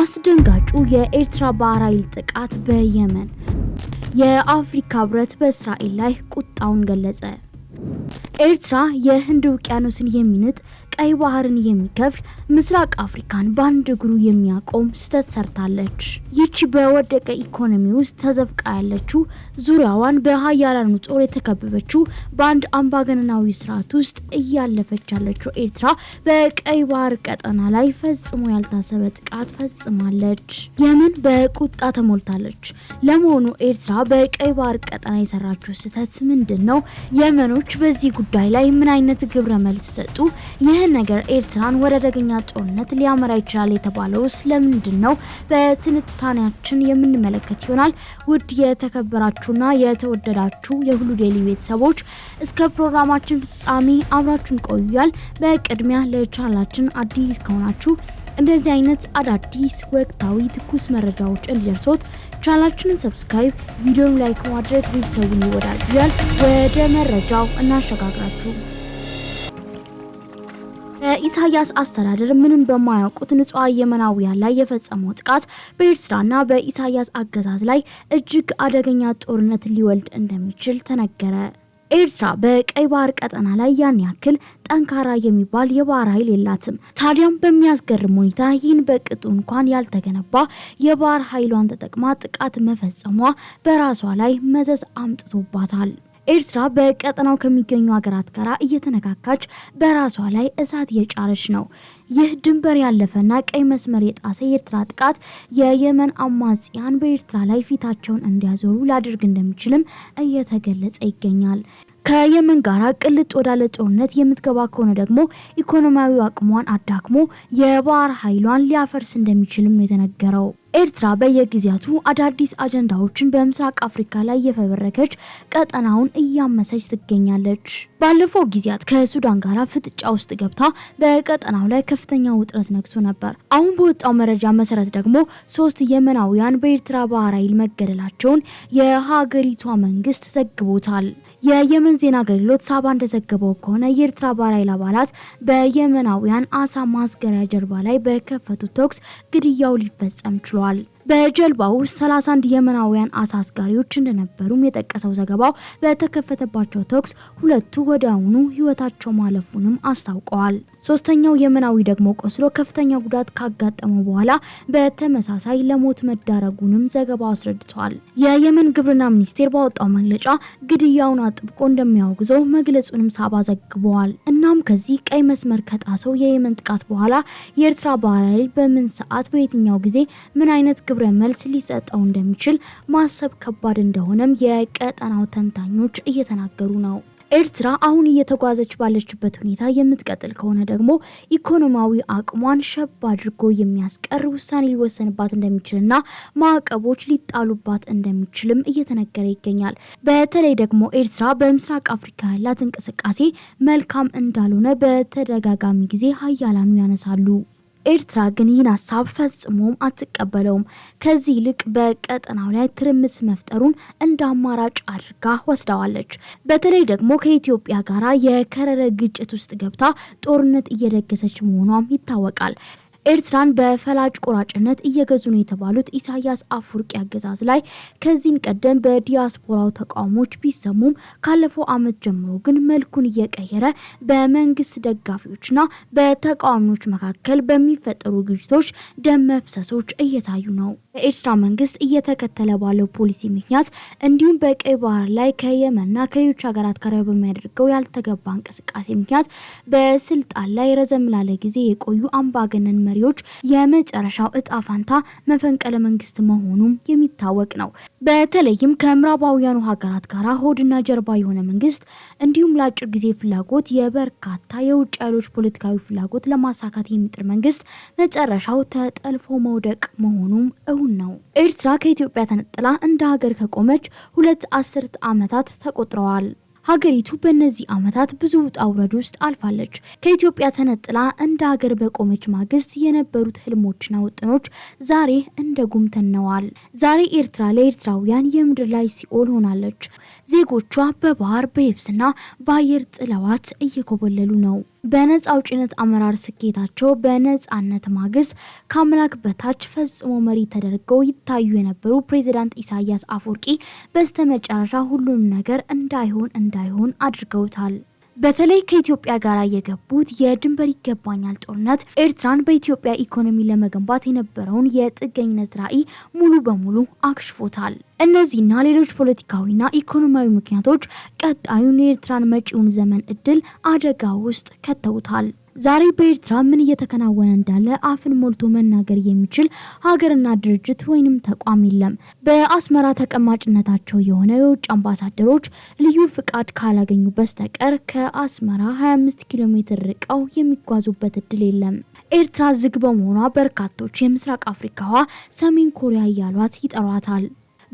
አስደንጋጩ የኤርትራ ባህር ኃይል ጥቃት በየመን። የአፍሪካ ህብረት በእስራኤል ላይ ቁጣውን ገለጸ። ኤርትራ የህንድ ውቅያኖስን የሚንጥ ቀይ ባህርን የሚከፍል ምስራቅ አፍሪካን በአንድ እግሩ የሚያቆም ስህተት ሰርታለች። ይቺ በወደቀ ኢኮኖሚ ውስጥ ተዘፍቃ ያለችው ዙሪያዋን በሀያላኑ ጦር የተከበበችው በአንድ አምባገነናዊ ስርዓት ውስጥ እያለፈች ያለችው ኤርትራ በቀይ ባህር ቀጠና ላይ ፈጽሞ ያልታሰበ ጥቃት ፈጽማለች። የመን በቁጣ ተሞልታለች። ለመሆኑ ኤርትራ በቀይ ባህር ቀጠና የሰራችው ስህተት ምንድን ነው? የመኖች በዚህ በዚህ ጉዳይ ላይ ምን አይነት ግብረ መልስ ሰጡ? ይህ ነገር ኤርትራን ወደ አደገኛ ጦርነት ሊያመራ ይችላል የተባለው ስለምንድን ነው? በትንታኔያችን የምንመለከት ይሆናል። ውድ የተከበራችሁና የተወደዳችሁ የሁሉ ዴይሊ ቤተሰቦች እስከ ፕሮግራማችን ፍጻሜ አብራችሁን ቆያል። በቅድሚያ ለቻናላችን አዲስ ከሆናችሁ እንደዚህ አይነት አዳዲስ ወቅታዊ ትኩስ መረጃዎች እንዲደርሶት ቻናላችንን ሰብስክራይብ፣ ቪዲዮን ላይክ ማድረግ ቤተሰቡን ይወዳጁ። ወደ መረጃው እናሸጋግራችሁ። በኢሳያስ አስተዳደር ምንም በማያውቁት ንጹሐን የመናውያን ላይ የፈጸመው ጥቃት በኤርትራና በኢሳያስ አገዛዝ ላይ እጅግ አደገኛ ጦርነት ሊወልድ እንደሚችል ተነገረ። ኤርትራ በቀይ ባህር ቀጠና ላይ ያን ያክል ጠንካራ የሚባል የባህር ኃይል የላትም። ታዲያም በሚያስገርም ሁኔታ ይህን በቅጡ እንኳን ያልተገነባ የባህር ኃይሏን ተጠቅማ ጥቃት መፈጸሟ በራሷ ላይ መዘዝ አምጥቶባታል። ኤርትራ በቀጠናው ከሚገኙ ሀገራት ጋር እየተነካካች በራሷ ላይ እሳት እየጫረች ነው። ይህ ድንበር ያለፈና ቀይ መስመር የጣሰ የኤርትራ ጥቃት የየመን አማጽያን በኤርትራ ላይ ፊታቸውን እንዲያዞሩ ሊያደርግ እንደሚችልም እየተገለጸ ይገኛል። ከየመን ጋር ቅልጥ ወዳለ ጦርነት የምትገባ ከሆነ ደግሞ ኢኮኖሚያዊ አቅሟን አዳክሞ የባህር ኃይሏን ሊያፈርስ እንደሚችልም ነው የተነገረው። ኤርትራ በየጊዜያቱ አዳዲስ አጀንዳዎችን በምስራቅ አፍሪካ ላይ የፈበረከች ቀጠናውን እያመሰች ትገኛለች። ባለፈው ጊዜያት ከሱዳን ጋር ፍጥጫ ውስጥ ገብታ በቀጠናው ላይ ከፍተኛ ውጥረት ነግሶ ነበር። አሁን በወጣው መረጃ መሰረት ደግሞ ሶስት የመናውያን በኤርትራ ባህር ኃይል መገደላቸውን የሀገሪቷ መንግስት ዘግቦታል። የየመን ዜና አገልግሎት ሳባ እንደዘገበው ከሆነ የኤርትራ ባህር ኃይል አባላት በየመናውያን አሳ ማስገሪያ ጀልባ ላይ በከፈቱት ተኩስ ግድያው ሊፈጸም ችሏል። ተብሏል። በጀልባ ውስጥ 31 የመናውያን አሳ አስጋሪዎች እንደነበሩም የጠቀሰው ዘገባው በተከፈተባቸው ተኩስ ሁለቱ ወዲያውኑ ሕይወታቸው ማለፉንም አስታውቀዋል። ሶስተኛው የመናዊ ደግሞ ቆስሎ ከፍተኛ ጉዳት ካጋጠመው በኋላ በተመሳሳይ ለሞት መዳረጉንም ዘገባው አስረድቷል። የየመን ግብርና ሚኒስቴር ባወጣው መግለጫ ግድያውን አጥብቆ እንደሚያወግዘው መግለጹንም ሳባ ዘግበዋል። እናም ከዚህ ቀይ መስመር ከጣሰው የየመን ጥቃት በኋላ የኤርትራ ባህር ኃይል በምን ሰዓት በየትኛው ጊዜ ምን አይነት ግብረ መልስ ሊሰጠው እንደሚችል ማሰብ ከባድ እንደሆነም የቀጠናው ተንታኞች እየተናገሩ ነው። ኤርትራ አሁን እየተጓዘች ባለችበት ሁኔታ የምትቀጥል ከሆነ ደግሞ ኢኮኖሚያዊ አቅሟን ሸብ አድርጎ የሚያስቀር ውሳኔ ሊወሰንባት እንደሚችልና ማዕቀቦች ሊጣሉባት እንደሚችልም እየተነገረ ይገኛል። በተለይ ደግሞ ኤርትራ በምስራቅ አፍሪካ ያላት እንቅስቃሴ መልካም እንዳልሆነ በተደጋጋሚ ጊዜ ሀያላኑ ያነሳሉ። ኤርትራ ግን ይህን ሀሳብ ፈጽሞም አትቀበለውም። ከዚህ ይልቅ በቀጠናው ላይ ትርምስ መፍጠሩን እንደ አማራጭ አድርጋ ወስደዋለች። በተለይ ደግሞ ከኢትዮጵያ ጋራ የከረረ ግጭት ውስጥ ገብታ ጦርነት እየደገሰች መሆኗም ይታወቃል። ኤርትራን በፈላጭ ቆራጭነት እየገዙ ነው የተባሉት ኢሳያስ አፈወርቂ አገዛዝ ላይ ከዚህን ቀደም በዲያስፖራው ተቃውሞች ቢሰሙም ካለፈው ዓመት ጀምሮ ግን መልኩን እየቀየረ በመንግስት ደጋፊዎችና በተቃዋሚዎች መካከል በሚፈጠሩ ግጭቶች ደም መፍሰሶች እየታዩ ነው። የኤርትራ መንግስት እየተከተለ ባለው ፖሊሲ ምክንያት እንዲሁም በቀይ ባህር ላይ ከየመንና ከሌሎች ሀገራት ጋር በሚያደርገው ያልተገባ እንቅስቃሴ ምክንያት በስልጣን ላይ ረዘም ላለ ጊዜ የቆዩ አምባገነን መሪዎች የመጨረሻው እጣ ፋንታ መፈንቀለ መንግስት መሆኑም የሚታወቅ ነው። በተለይም ከምዕራባውያኑ ሀገራት ጋር ሆድና ጀርባ የሆነ መንግስት እንዲሁም ለአጭር ጊዜ ፍላጎት የበርካታ የውጭ ኃይሎች ፖለቲካዊ ፍላጎት ለማሳካት የሚጥር መንግስት መጨረሻው ተጠልፎ መውደቅ መሆኑም አሁን ነው። ኤርትራ ከኢትዮጵያ ተነጥላ እንደ ሀገር ከቆመች ሁለት አስርት ዓመታት ተቆጥረዋል። ሀገሪቱ በእነዚህ ዓመታት ብዙ ውጣ ውረድ ውስጥ አልፋለች። ከኢትዮጵያ ተነጥላ እንደ ሀገር በቆመች ማግስት የነበሩት ህልሞችና ውጥኖች ዛሬ እንደ ጉም ተነዋል። ዛሬ ኤርትራ ለኤርትራውያን የምድር ላይ ሲኦል ሆናለች። ዜጎቿ በባህር በየብስና በአየር ጥለዋት እየኮበለሉ ነው። በነፃ አውጪነት አመራር ስኬታቸው በነፃነት ማግስት ከአምላክ በታች ፈጽሞ መሪ ተደርገው ይታዩ የነበሩ ፕሬዚዳንት ኢሳያስ አፈወርቂ በስተመጨረሻ ሁሉንም ነገር እንዳይሆን እንዳይሆን አድርገውታል። በተለይ ከኢትዮጵያ ጋር የገቡት የድንበር ይገባኛል ጦርነት ኤርትራን በኢትዮጵያ ኢኮኖሚ ለመገንባት የነበረውን የጥገኝነት ራዕይ ሙሉ በሙሉ አክሽፎታል። እነዚህና ሌሎች ፖለቲካዊና ኢኮኖሚያዊ ምክንያቶች ቀጣዩን የኤርትራን መጪውን ዘመን እድል አደጋ ውስጥ ከተውታል። ዛሬ በኤርትራ ምን እየተከናወነ እንዳለ አፍን ሞልቶ መናገር የሚችል ሀገርና ድርጅት ወይንም ተቋም የለም። በአስመራ ተቀማጭነታቸው የሆነ የውጭ አምባሳደሮች ልዩ ፍቃድ ካላገኙ በስተቀር ከአስመራ 25 ኪሎ ሜትር ርቀው የሚጓዙበት እድል የለም። ኤርትራ ዝግ በመሆኗ በርካቶች የምስራቅ አፍሪካዋ ሰሜን ኮሪያ እያሏት ይጠሯታል።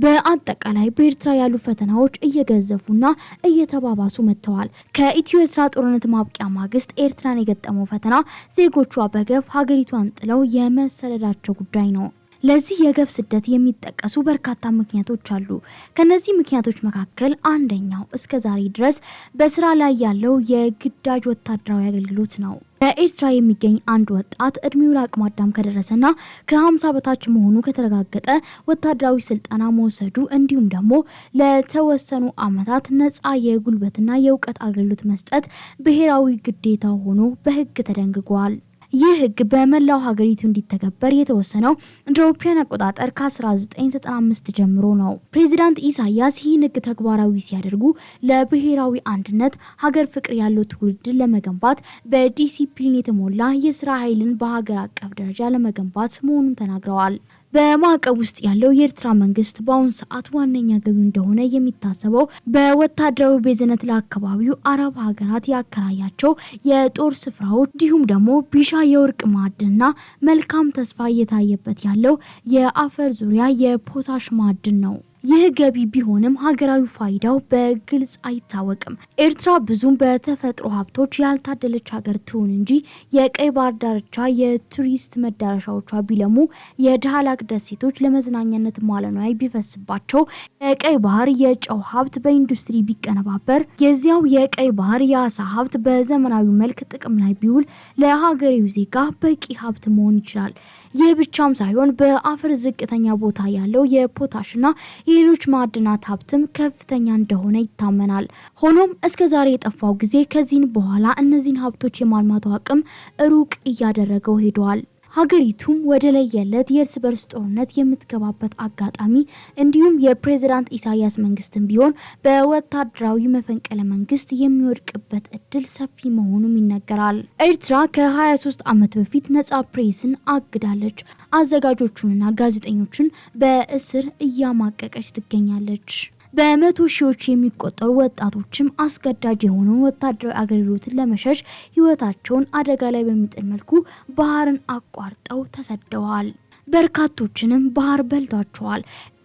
በአጠቃላይ በኤርትራ ያሉ ፈተናዎች እየገዘፉና እየተባባሱ መጥተዋል። ከኢትዮ ኤርትራ ጦርነት ማብቂያ ማግስት ኤርትራን የገጠመው ፈተና ዜጎቿ በገፍ ሀገሪቷን ጥለው የመሰደዳቸው ጉዳይ ነው። ለዚህ የገብ ስደት የሚጠቀሱ በርካታ ምክንያቶች አሉ። ከነዚህ ምክንያቶች መካከል አንደኛው እስከ ዛሬ ድረስ በስራ ላይ ያለው የግዳጅ ወታደራዊ አገልግሎት ነው። በኤርትራ የሚገኝ አንድ ወጣት እድሜው ለአቅመ አዳም ከደረሰና ከ50 በታች መሆኑ ከተረጋገጠ ወታደራዊ ስልጠና መውሰዱ እንዲሁም ደግሞ ለተወሰኑ ዓመታት ነፃ የጉልበትና የእውቀት አገልግሎት መስጠት ብሔራዊ ግዴታ ሆኖ በሕግ ተደንግጓል። ይህ ህግ በመላው ሀገሪቱ እንዲተገበር የተወሰነው እንደ አውሮፓውያን አቆጣጠር ከ1995 ጀምሮ ነው። ፕሬዚዳንት ኢሳያስ ይህን ህግ ተግባራዊ ሲያደርጉ ለብሔራዊ አንድነት፣ ሀገር ፍቅር ያለው ትውልድን ለመገንባት በዲሲፕሊን የተሞላ የስራ ኃይልን በሀገር አቀፍ ደረጃ ለመገንባት መሆኑን ተናግረዋል። በማዕቀብ ውስጥ ያለው የኤርትራ መንግስት በአሁኑ ሰዓት ዋነኛ ገቢ እንደሆነ የሚታሰበው በወታደራዊ ቤዝነት ለአካባቢው አረብ ሀገራት ያከራያቸው የጦር ስፍራዎች እንዲሁም ደግሞ ቢሻ የወርቅ ማዕድንና መልካም ተስፋ እየታየበት ያለው የአፈር ዙሪያ የፖታሽ ማዕድን ነው። ይህ ገቢ ቢሆንም ሀገራዊ ፋይዳው በግልጽ አይታወቅም። ኤርትራ ብዙም በተፈጥሮ ሀብቶች ያልታደለች ሀገር ትሁን እንጂ የቀይ ባህር ዳርቻ የቱሪስት መዳረሻዎቿ ቢለሙ፣ የዳህላክ ደሴቶች ለመዝናኛነት ማለኗ ቢፈስባቸው፣ የቀይ ባህር የጨው ሀብት በኢንዱስትሪ ቢቀነባበር፣ የዚያው የቀይ ባህር የአሳ ሀብት በዘመናዊ መልክ ጥቅም ላይ ቢውል ለሀገሬው ዜጋ በቂ ሀብት መሆን ይችላል። ይህ ብቻም ሳይሆን በአፈር ዝቅተኛ ቦታ ያለው የፖታሽና የሌሎች ማዕድናት ሀብትም ከፍተኛ እንደሆነ ይታመናል። ሆኖም እስከ ዛሬ የጠፋው ጊዜ ከዚህን በኋላ እነዚህን ሀብቶች የማልማቱ አቅም ሩቅ እያደረገው ሄደዋል። ሀገሪቱም ወደ ለየለት የእርስ በርስ ጦርነት የምትገባበት አጋጣሚ እንዲሁም የፕሬዝዳንት ኢሳያስ መንግስትም ቢሆን በወታደራዊ መፈንቅለ መንግስት የሚወድቅበት እድል ሰፊ መሆኑም ይነገራል። ኤርትራ ከ23 ዓመት በፊት ነጻ ፕሬስን አግዳለች። አዘጋጆቹንና ጋዜጠኞችን በእስር እያማቀቀች ትገኛለች። በመቶ ሺዎች የሚቆጠሩ ወጣቶችም አስገዳጅ የሆነውን ወታደራዊ አገልግሎትን ለመሸሽ ህይወታቸውን አደጋ ላይ በሚጥል መልኩ ባህርን አቋርጠው ተሰደዋል። በርካቶችንም ባህር በልቷቸዋል።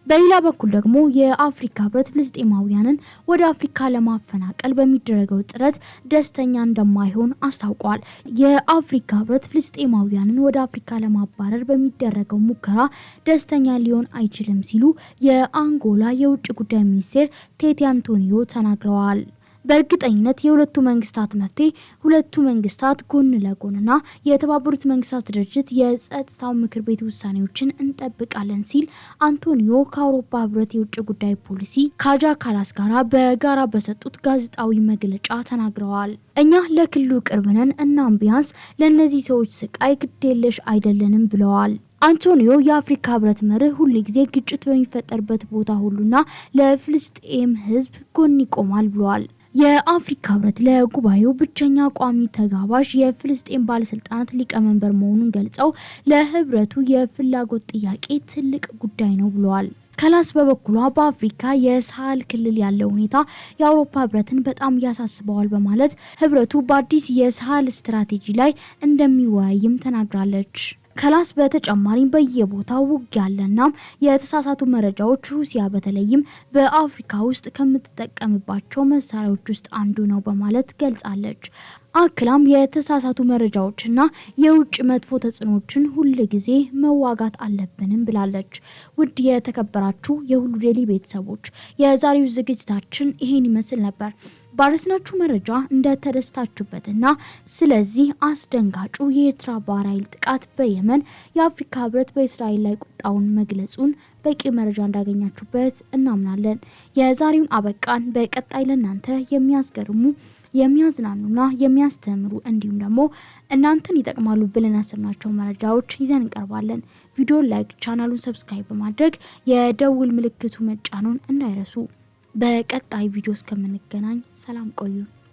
በሌላ በኩል ደግሞ የአፍሪካ ህብረት ፍልስጤማውያንን ወደ አፍሪካ ለማፈናቀል በሚደረገው ጥረት ደስተኛ እንደማይሆን አስታውቋል። የአፍሪካ ህብረት ፍልስጤማውያንን ወደ አፍሪካ ለማባረር በሚደረገው ሙከራ ደስተኛ ሊሆን አይችልም ሲሉ የአንጎላ የውጭ ጉዳይ ሚኒስቴር ቴቴ አንቶኒዮ ተናግረዋል። በእርግጠኝነት የሁለቱ መንግስታት መፍትሄ ሁለቱ መንግስታት ጎን ለጎንና የተባበሩት መንግስታት ድርጅት የጸጥታው ምክር ቤት ውሳኔዎችን እንጠብቃለን ሲል አንቶኒዮ ከአውሮፓ ህብረት የውጭ ጉዳይ ፖሊሲ ካጃ ካላስ ጋራ በጋራ በሰጡት ጋዜጣዊ መግለጫ ተናግረዋል። እኛ ለክልሉ ቅርብ ነን፣ እናም ቢያንስ ለእነዚህ ሰዎች ስቃይ ግዴለሽ አይደለንም ብለዋል። አንቶኒዮ የአፍሪካ ህብረት መርህ ሁል ጊዜ ግጭት በሚፈጠርበት ቦታ ሁሉና ለፍልስጤም ህዝብ ጎን ይቆማል ብለዋል። የአፍሪካ ህብረት ለጉባኤው ብቸኛ ቋሚ ተጋባዥ የፍልስጤን ባለስልጣናት ሊቀመንበር መሆኑን ገልጸው ለህብረቱ የፍላጎት ጥያቄ ትልቅ ጉዳይ ነው ብለዋል። ከላስ በበኩሏ በአፍሪካ የሳህል ክልል ያለው ሁኔታ የአውሮፓ ህብረትን በጣም ያሳስበዋል በማለት ህብረቱ በአዲስ የሳህል ስትራቴጂ ላይ እንደሚወያይም ተናግራለች። ከላስ በተጨማሪም በየቦታው ውጊያ ያለና የተሳሳቱ መረጃዎች ሩሲያ በተለይም በአፍሪካ ውስጥ ከምትጠቀምባቸው መሳሪያዎች ውስጥ አንዱ ነው በማለት ገልጻለች። አክላም የተሳሳቱ መረጃዎችና የውጭ መጥፎ ተጽዕኖችን ሁል ጊዜ መዋጋት አለብንም ብላለች። ውድ የተከበራችሁ የሁሉ ዴይሊ ቤተሰቦች የዛሬው ዝግጅታችን ይሄን ይመስል ነበር። ባረስናችሁ መረጃ እንደተደስታችሁበትና ስለዚህ አስደንጋጩ የኤርትራ ባህር ኃይል ጥቃት በየመን የአፍሪካ ህብረት በእስራኤል ላይ ቁጣውን መግለጹን በቂ መረጃ እንዳገኛችሁበት እናምናለን። የዛሬውን አበቃን። በቀጣይ ለእናንተ የሚያስገርሙ የሚያዝናኑና የሚያስተምሩ እንዲሁም ደግሞ እናንተን ይጠቅማሉ ብለን ያሰብናቸው መረጃዎች ይዘን እንቀርባለን። ቪዲዮ ላይክ፣ ቻናሉን ሰብስክራይብ በማድረግ የደውል ምልክቱ መጫኑን እንዳይረሱ በቀጣይ ቪዲዮ እስከምንገናኝ ሰላም ቆዩ።